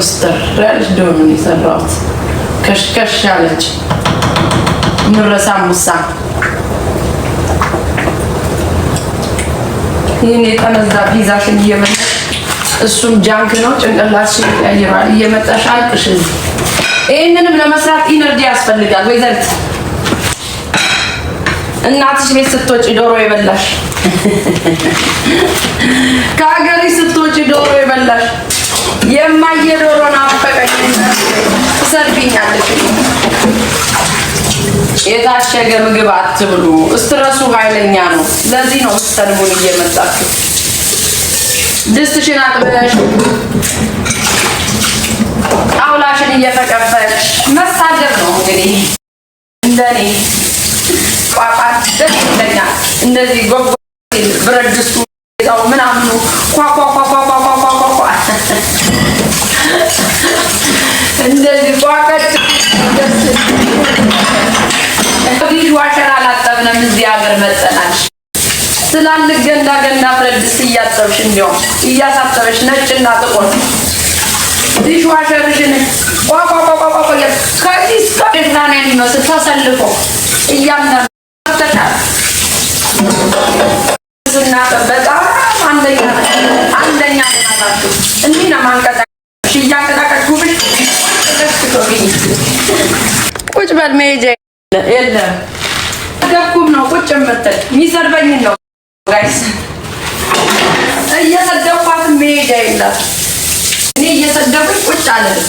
ኮስተር ያለች ዶምን የሰራሁት ከሽከሽ ያለች ምረሳ ሙሳ ይህን የጠነዛ ፒዛሽን እየመለ እሱም ጃንክ ነው። ጭንቅላትሽን ይቀይራል። እየመጣሽ አልቅሽ። ይህንንም ለመስራት ኢነርጂ ያስፈልጋል። ወይዘርት እናትሽ ቤት ስትወጪ ዶሮ የበላሽ ከሀገሪ ስትወጪ ዶሮ የበላሽ የማየ የማየዶሮ ናፈቀኝ። ትሰድቢኛለሽ። የታሸገ ምግብ አትብሉ፣ እስትረሱ ኃይለኛ ነው። ለዚህ ነው የምትሰድቡን እየመጣችሁ። ድስትሽን አጥበሽ ጣውላሽን እየፈቀፈች መሳደብ ነው እንግዲህ እንደኔ ቋቋት ደስ ይለኛል። እንደዚህ ጎጎ ብረት ድስቱ ምናምኑ ኳኳኳ ትላልቅ ገንዳ ገንዳ ብረት ድስት እያጠብሽ እንዲያውም እያሳጠበሽ ነጭና ጥቁር ዲሽዋሸርሽን ቋቋቋቋቋ ከዚህ እስከ ቤትናን የሚመስል ተሰልፎ እያንዳንዳ ስናጠብ በጣም አንደኛ አንደኛ ናታችሁ እንዲህ ነው ማንቀጣ ቁጭ በል መሄጃ የለም ተደኩም ነው ቁጭ የምትል የሚሰርበኝን ነው እየሰደብኳት መሄጃ የላት። እኔ እየሰደብኩኝ ቁጭ አለል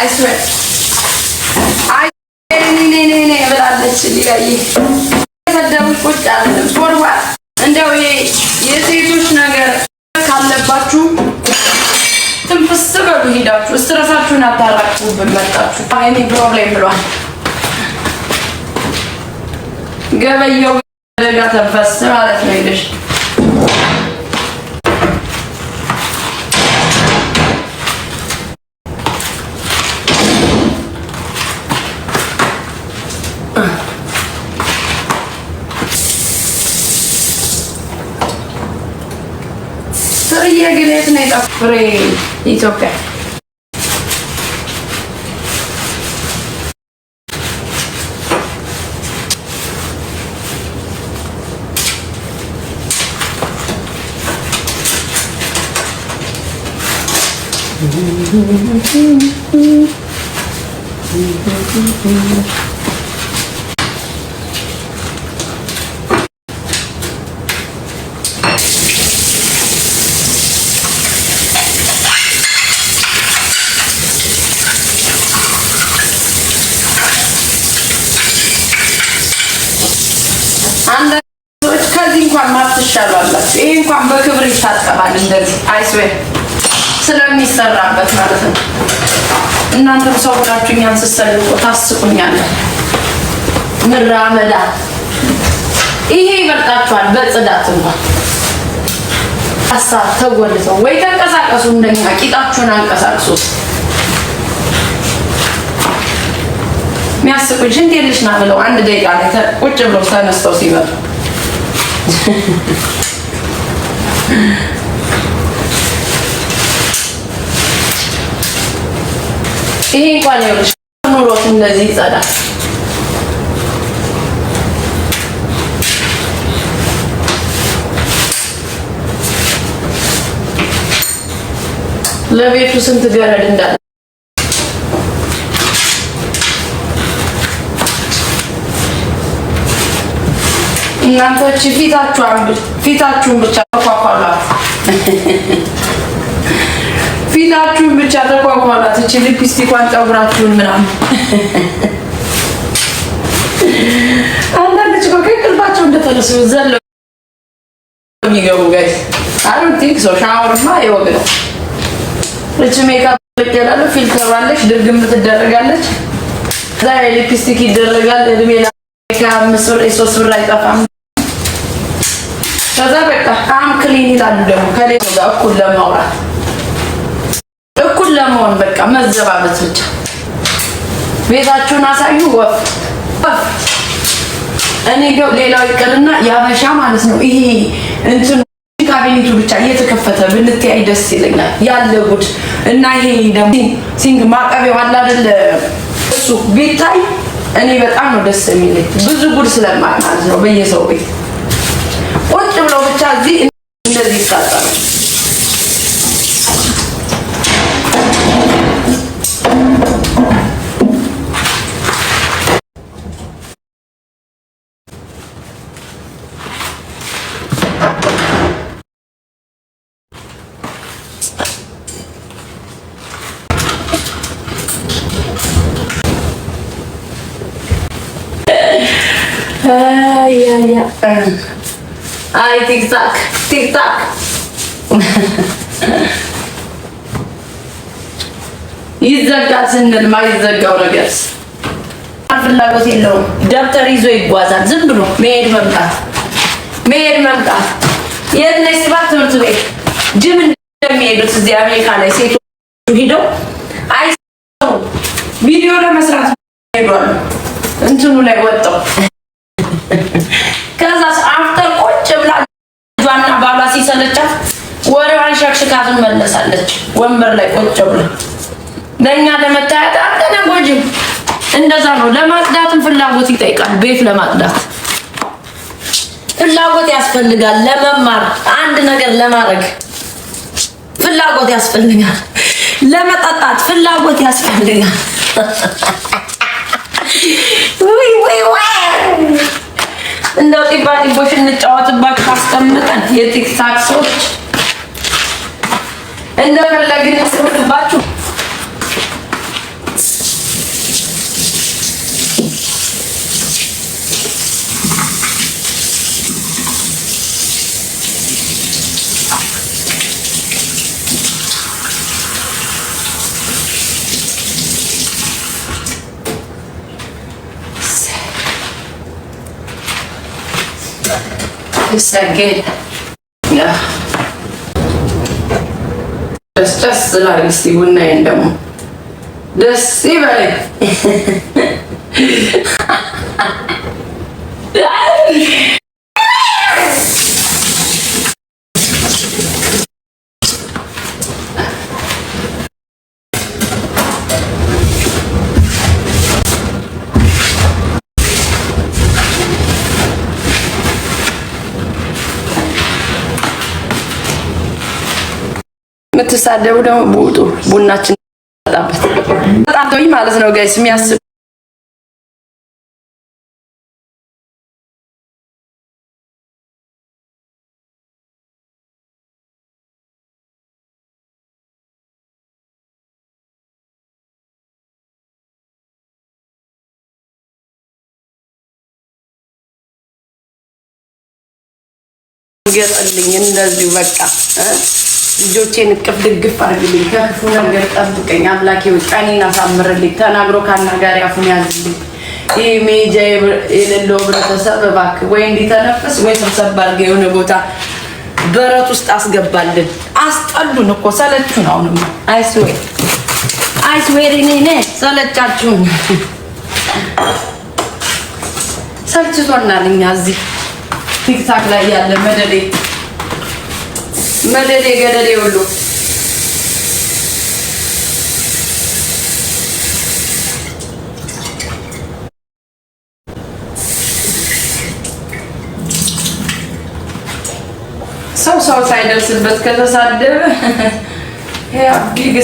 አይስረ ኔኔኔ ብላለች። ሊያየ ቁጭ አለልም። ሶርባል እንደው የሴቶች ነገር ካለባችሁ ትንፍስ በሉ ሂዳችሁ እስትረሳችሁን አታራችሁብን መጣችሁ እኔ ፕሮብሌም ብሏል ገበየው ደጋ ተንፈስ ማለት free. It's okay. Mm-hmm. እንኳን በክብር ይታጠባል። እንደዚህ አይስዌ ስለሚሰራበት ማለት ነው። እናንተም ሰው ብላችሁ እኛን ስትሰልቁ ታስቁኛለን። ምራመዳ ይሄ ይበልጣችኋል። በጽዳት እንኳን አሳ ተጎልተው ወይ ተንቀሳቀሱ፣ እንደኛ ቂጣችሁን አንቀሳቅሱ። የሚያስቁሽ እንዴት ልሽ ና ብለው አንድ ደቂቃ ቁጭ ብለው ተነስተው ሲበሉ ይሄ እንኳን ይኸውልሽ ኑሮት እንደዚህ ይጸዳል። ለቤቱ ስንት ገረድ እንዳለ እናንተች ፊታችሁን ብቻ ተኳኳሏት፣ ፊታችሁን ብቻ ተኳኳሏት። እች ሊፕስቲኳን ጸጉራችሁን ምናምን አንዳንድ ጭኮ ከቅልባቸው እንደተነሱ ዘለው የሚገቡ ጋይ አሁን ቲንክ ሰው ሻወርማ ይወግ ነው። እች ሜካፕ ፊልተር ፊልተሯለች፣ ድርግም ትደረጋለች፣ ዛሬ ሊፕስቲክ ይደረጋል። እድሜ ከአምስት ብር የሶስት ብር አይጠፋም። ከዛ በቃ አም ክሊን ይላሉ ደግሞ ከሌላ ጋር እኩል ለማውራት እኩል ለመሆን በቃ መዘባበት ብቻ። ቤታችሁን አሳዩ። ወፍ እኔ እንደው ሌላው ይቅርና ያበሻ ማለት ነው ይሄ እንትን ካቢኔቱ ብቻ እየተከፈተ ብንተያይ ደስ ይለኛል። ያለ ጉድ እና ይሄ ደግሞ ሲንግ ማቀቢያው አለ አይደል እሱ ቢታይ እኔ በጣም ነው ደስ የሚለኝ ብዙ ጉድ ማለት ነው በየሰው ቤት አይ ቲክታክ ቲክታክ ይዘጋ ስንል ማይዘጋው ነገር ፍላጎት የለውም። ደብተር ይዞ ይጓዛል። ዝም ብሎ መሄድ መምጣት፣ መሄድ መምጣት። የት ነሽ ስባት ትምህርት ቤት ጅም እንደሚሄዱት እዚህ አሜሪካ ላይ ሴቶቹ ሄደው አይ ቪዲዮ ለመስራት ሄዷል። እንትኑ ላይ ወጣው ከዛ አፍተር ቁጭ ብላ ልጇና ባሏ ሲሰለቻት ወሬዋን ሸክሽካት መለሳለች። ወንበር ላይ ቁጭ ብላ ለእኛ ለመታየት አንተነ እንደዛ ነው። ለማጽዳትም ፍላጎት ይጠይቃል። ቤት ለማጽዳት ፍላጎት ያስፈልጋል። ለመማር አንድ ነገር ለማድረግ ፍላጎት ያስፈልጋል። ለመጠጣት ፍላጎት ያስፈልጋል። ውይ ውይ እንደው ጢባ ጢቦሽ እንጫወትባችሁ አስቀምጠን የቲክታክ ሰዎች እንደፈለግን ስምትባችሁ ልሰግድ ደስ ደስ ስላል እስኪ ቡናዬን ደግሞ ደስ ይበለኝ። የምትሳደቡ ደግሞ በውጡ ቡናችን ጣበት በጣም ማለት ነው ጋይስ የሚያስብ ገጥልኝ እንደዚሁ በቃ ልጆቼን እቅፍ ድግፍ አድርግልኝ፣ ከክፉ ነገር ጠብቀኝ አምላኬ ሆይ፣ ቀኔን አሳምርልኝ፣ ተናግሮ ካናጋሪ አፉን ያዝልኝ። ይህ ሜጃ የሌለው ህብረተሰብ እባክህ ወይ እንዲተነፍስ ወይ ሰብሰብ አድርገህ የሆነ ቦታ በረት ውስጥ አስገባልን። አስጠሉን እኮ ሰለቹን። አሁንም አይስዌ አይስዌር ኔ ሰለቻችሁን፣ ሰልችቶናል። እኛ እዚህ ቲክታክ ላይ ያለ መደሌ መደዴ ገደዴ ሁሉ ሰው ሰው ሳይደርስበት ከተሳደበ ያ ቢግ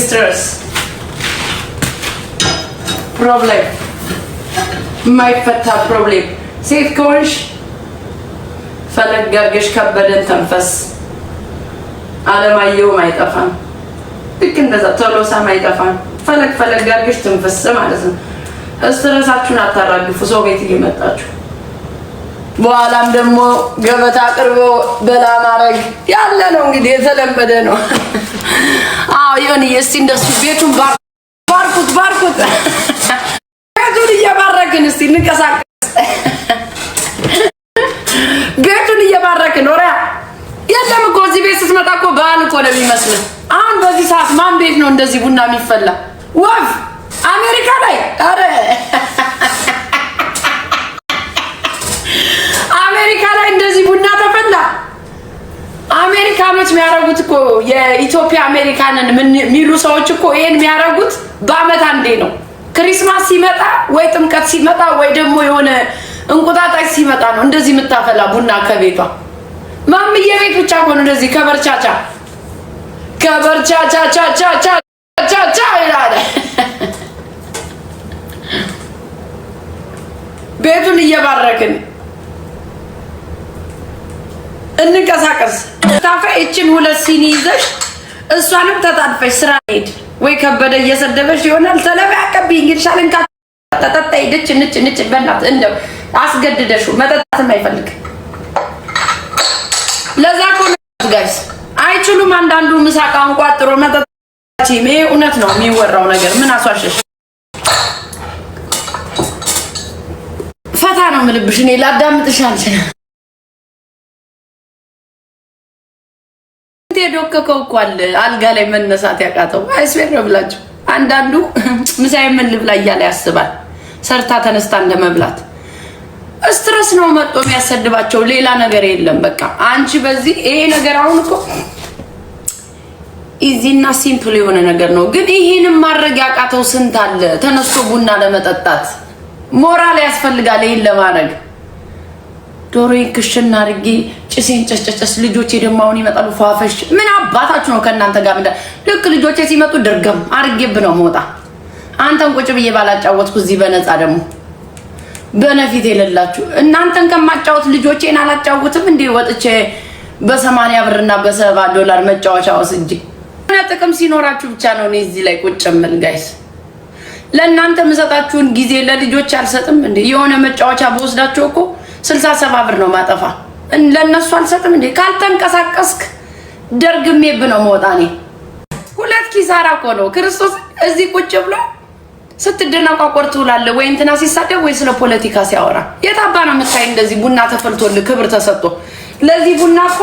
ፕሮብሌም የማይፈታ ፕሮብሌም ሴት ከሆንሽ ፈለጋገሽ ከበደን ተንፈስ አለማየሁም አይጠፋም። ልክ እንደዛ ቶሎሳም አይጠፋም። ፈለግ ፈለግ ጋርግሽ ትንፍስ ማለት ነው። እስትረሳችሁን አታራግፉ ሰው ቤት እየመጣችሁ በኋላም ደግሞ ገበታ አቅርቦ በላ ማድረግ ያለ ነው እንግዲህ የተለመደ ነው። አዎ ይሁን። እስቲ እንደሱ ቤቱን ባርኩት ባርኩት፣ ቤቱን እየባረክን እስቲ እንቀሳቀስ። ቤቱን እየባረክን ወሪያ የለም እኮ ስትመጣ እኮ በዓል እኮ ነው የሚመስልህ። አሁን በዚህ ሰዓት ማን ቤት ነው እንደዚህ ቡና የሚፈላ? ወፍ አሜሪካ ላይ አረ አሜሪካ ላይ እንደዚህ ቡና ተፈላ። አሜሪካኖች የሚያደርጉት እኮ የኢትዮጵያ አሜሪካንን የሚሉ ሰዎች እኮ ይሄን የሚያደርጉት በአመት አንዴ ነው። ክሪስማስ ሲመጣ ወይ ጥምቀት ሲመጣ ወይ ደግሞ የሆነ እንቁጣጣሽ ሲመጣ ነው እንደዚህ የምታፈላ ቡና ከቤቷ ማምዬ ቤት ብቻ እኮ ነው እንደዚህ ከበርቻቻ ከበርቻቻቻቻቻቻቻ ይላል። ቤቱን እየባረክን እንንቀሳቀስ። ታፈ እቺን ሁለት ሲኒ ይዘሽ እሷንም ተጣጥፈሽ ስራ ሄድ ወይ ከበደ እየሰደበሽ ይሆናል። ተለበ አቀብ እንካ ተጠጣ ድች ንጭ ንጭ በናት እንደው አስገድደሽው መጠጣትም አይፈልግም። ለዛ እኮ ጋይስ አይችሉም። አንዳንዱ ምሳቃውን መጠጣች። ይሄ እውነት ነው የሚወራው ነገር። ምን አሷሸሽ ፈታ ነው እኔ የዶከከው እኮ አለ አልጋ ላይ መነሳት ያቃተው አይስቤር ነው ብላችሁ አንዳንዱ ምሳዬ ምን ልብላ እያለ ያስባል። ሰርታ ተነስታ እንደመብላት ስትረስ ነው መጥቶ የሚያሰድባቸው ሌላ ነገር የለም። በቃ አንቺ በዚህ ይሄ ነገር አሁን እኮ ኢዚና ሲምፕል የሆነ ነገር ነው፣ ግን ይሄንም ማድረግ ያቃተው ስንት አለ ተነስቶ ቡና ለመጠጣት ሞራል ያስፈልጋል። ይሄን ለማድረግ ዶሮ ክሽና አድርጌ ጭሴን ጨስጨጨስ፣ ልጆቼ ደግሞ አሁን ይመጣሉ። ፏፈሽ ምን አባታችሁ ነው ከእናንተ ጋር ምንዳ? ልክ ልጆቼ ሲመጡ ድርገም አድርጌብ ነው መውጣ አንተን ቁጭ ብዬ ባላጫወትኩ እዚህ በነፃ ደግሞ በነፊት የሌላችሁ እናንተን ከማጫወት ልጆቼን አላጫውትም እንዴ? ወጥቼ በሰማንያ ብርና በሰባ ዶላር መጫወቻ እና ጥቅም ሲኖራችሁ ብቻ ነው እኔ እዚህ ላይ ቁጭ የምል። ጋይስ ለእናንተ የምሰጣችሁን ጊዜ ለልጆች አልሰጥም እንዴ? የሆነ መጫወቻ በወስዳቸው እኮ ስልሳ ሰባ ብር ነው ማጠፋ። ለእነሱ አልሰጥም እንዴ? ካልተንቀሳቀስክ ደርግሜብ ነው መወጣኔ። ሁለት ኪሳራ እኮ ነው ክርስቶስ እዚህ ቁጭ ብሎ ስትደናቋቆር ትውላለህ ወይ እንትና ሲሳደብ ወይ ስለ ፖለቲካ ሲያወራ የታባ ነው የምታይ? እንደዚህ ቡና ተፈልቶልህ ክብር ተሰጥቶ ለዚህ ቡና እኮ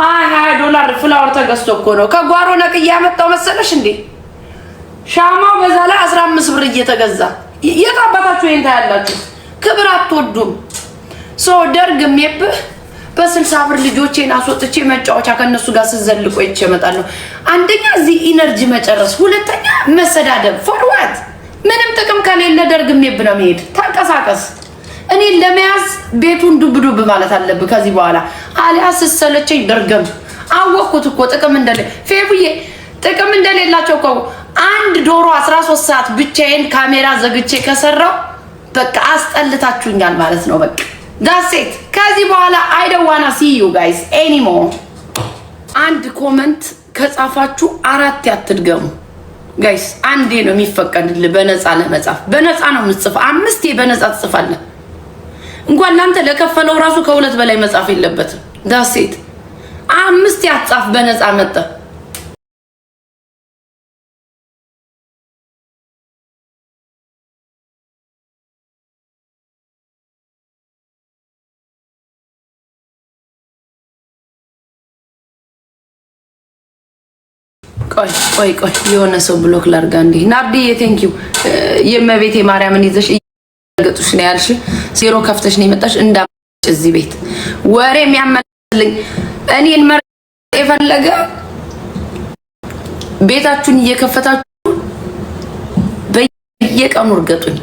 ሀያ ሀያ ዶላር ፍላወር ተገዝቶ እኮ ነው ከጓሮ ነቅዬ ያመጣው መሰለሽ እንዴ? ሻማው በዛ ላይ አስራ አምስት ብር እየተገዛ የታባታችሁ ይንታ ታያላችሁ ክብር አትወዱም። ሰው ደርግ ሜብህ በስልሳ ብር ልጆቼን አስወጥቼ መጫወቻ ከእነሱ ጋር ስዘልቆ ይቼ እመጣለሁ። አንደኛ እዚህ ኢነርጂ መጨረስ፣ ሁለተኛ መሰዳደብ ፎርዋት ምንም ጥቅም ከሌለ ደርግ የሚብ ነው መሄድ። ተንቀሳቀስ። እኔ ለመያዝ ቤቱን ዱብ ዱብ ማለት አለብህ ከዚህ በኋላ አሊያ ስሰለቸኝ ደርገም አወቅኩት እኮ ጥቅም እንደሌ ፌቡዬ ጥቅም እንደሌላቸው እኮ አንድ ዶሮ 13 ሰዓት ብቻዬን ካሜራ ዘግቼ ከሰራው በቃ አስጠልታችሁኛል ማለት ነው። በቃ ዳሴት ከዚህ በኋላ አይደዋና ሲዩ ጋይስ ኤኒሞ አንድ ኮመንት ከጻፋችሁ አራት ያትድገሙ። ጋይስ አንዴ ነው የሚፈቀድልህ በነፃ ለመጻፍ። በነፃ ነው የምትጽፍ። አምስቴ በነፃ ትጽፋለህ። እንኳን ለአንተ ለከፈለው ራሱ ከሁለት በላይ መጻፍ የለበትም። ዳሴት አምስቴ አትጻፍ በነፃ መጠ ቆይ ቆይ ቆይ የሆነ ሰው ብሎክ ላርጋ። እንዲህ ናርዲዬ ቴንኪዩ የእመቤቴ ማርያምን ይዘሽ እያገጡሽ ነው ያልሽ ዜሮ ከፍተሽ ነው የመጣሽ እንዳመጭ እዚህ ቤት ወሬ የሚያመልኝ እኔን መ የፈለገ ቤታችሁን እየከፈታችሁ በየቀኑ እርገጡኝ።